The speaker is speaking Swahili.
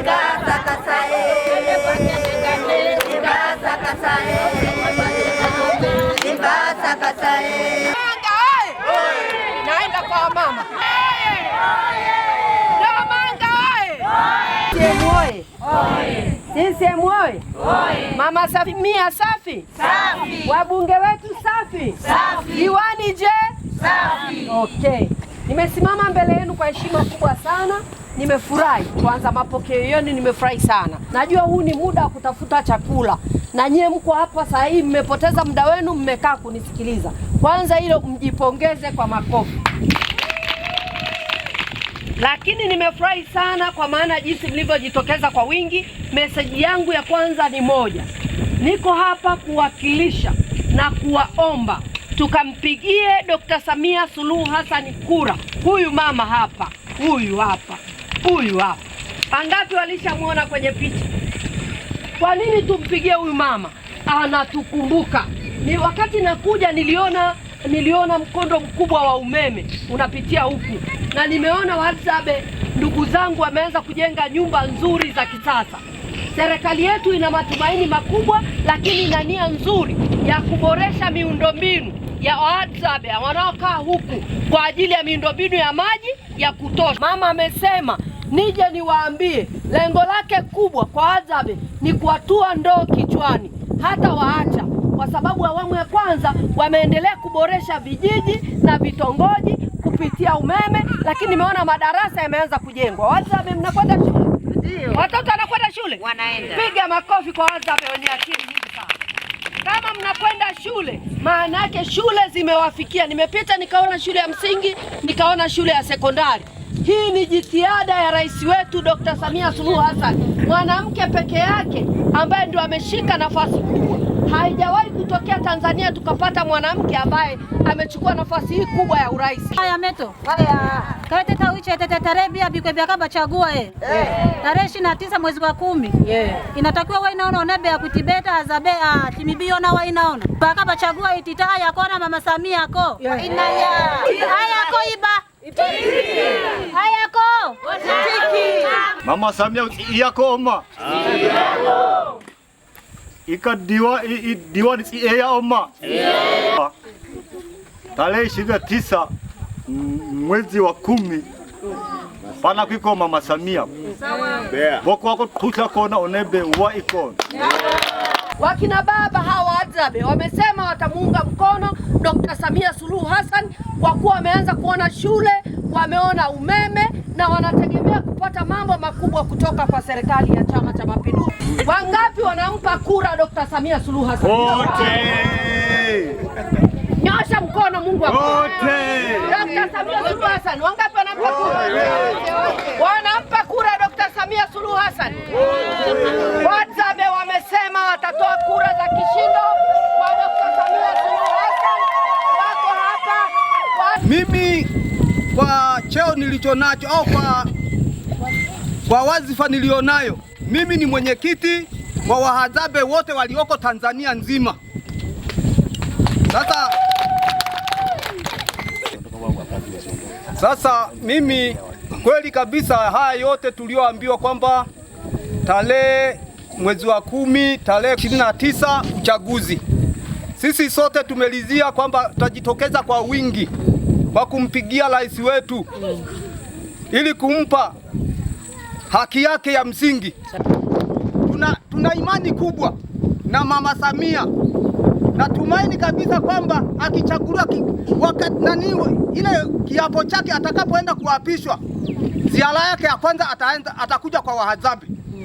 naenda mama sisiemu oye! Mama Samia safi, wabunge wetu safi, diwani je safi. Okay, nimesimama mbele yenu kwa heshima kubwa sana nimefurahi kwanza, mapokeo yenu nimefurahi sana. Najua huu ni muda wa kutafuta chakula na nyie mko hapa saa hii, mmepoteza muda wenu, mmekaa kunisikiliza. Kwanza hilo mjipongeze kwa makofi. Lakini nimefurahi sana kwa maana jinsi mlivyojitokeza kwa wingi. Meseji yangu ya kwanza ni moja, niko hapa kuwakilisha na kuwaomba tukampigie Dr. Samia Suluhu Hassan kura. Huyu mama hapa, huyu hapa huyu hapa. Angapi walishamwona kwenye picha? Kwa nini tumpigie huyu mama? Anatukumbuka. Ni wakati nakuja niliona niliona mkondo mkubwa wa umeme unapitia huku, na nimeona wahadzabe ndugu zangu wameanza kujenga nyumba nzuri za kisasa. Serikali yetu ina matumaini makubwa, lakini ina nia nzuri ya kuboresha miundombinu ya wahadzabe wanaokaa huku kwa ajili ya miundombinu ya maji ya kutosha. Mama amesema nije niwaambie lengo lake kubwa kwa Adzabe ni kuwatua ndoo kichwani, hata waacha kwa sababu awamu ya kwanza wameendelea kuboresha vijiji na vitongoji kupitia umeme, lakini nimeona madarasa yameanza kujengwa. Wazame, mnakwenda shule? Ndio. Watoto wanakwenda shule? Wanaenda. Piga makofi kwa Wazame wenye akili nyingi sana. Kama mnakwenda shule, maana yake shule zimewafikia. Nimepita nikaona shule ya msingi, nikaona shule ya sekondari. Hii ni jitihada ya rais wetu Dr. Samia Suluhu Hassan, mwanamke peke yake ambaye ndio ameshika nafasi kubwa. Haijawahi kutokea Tanzania tukapata mwanamke ambaye amechukua nafasi hii kubwa ya urais. Haya meto. Haya. Kaete tawiche tete tarebia bikwebia kaba chagua eh. eh. Tarehe tisa mwezi wa kumi. Yeah. Inatakiwa wewe inaona onebe ya kutibeta azabe a ah, timibio na wewe inaona. Bakaba chagua ititaya kona mama Samia ko. Yeah. Inaya. Mama Samia iyako omma iyako ika diwa i, diwa ni iya oma iya tarehe ishirini na tisa mwezi wa kumi pana kwiko Mama Samia boko wako tuta kona onebe wa ikona Wakina baba hawa Adzabe wamesema watamuunga mkono Dr. Samia Suluhu Hassan kwa kuwa wameanza kuona shule, wameona umeme na wanategemea kupata mambo makubwa kutoka kwa serikali ya Chama cha Mapinduzi. Wangapi wanampa kura Dr. Samia Suluhu Hassan? Wote. Nyosha mkono Mungu akubariki. Dr. Samia Suluhu Hassan, wangapi wanampa kura? Wanampa kura Dr. Samia Suluhu Hassan. Wahadzabe wamesema watatoa kura za kishindo. nacho au kwa, kwa wazifa nilionayo, mimi ni mwenyekiti wa wahadzabe wote walioko Tanzania nzima. Sasa sasa mimi kweli kabisa haya yote tulioambiwa kwamba tarehe mwezi wa kumi tarehe ishirini na tisa uchaguzi, sisi sote tumelizia kwamba tutajitokeza kwa wingi kwa kumpigia rais wetu ili kumpa haki yake ya msingi. Tuna, tuna imani kubwa na Mama Samia. Natumaini kabisa kwamba akichaguliwa wakati nani ile kiapo chake atakapoenda kuapishwa, ziara yake ya kwanza ataenda atakuja kwa wahadzabe.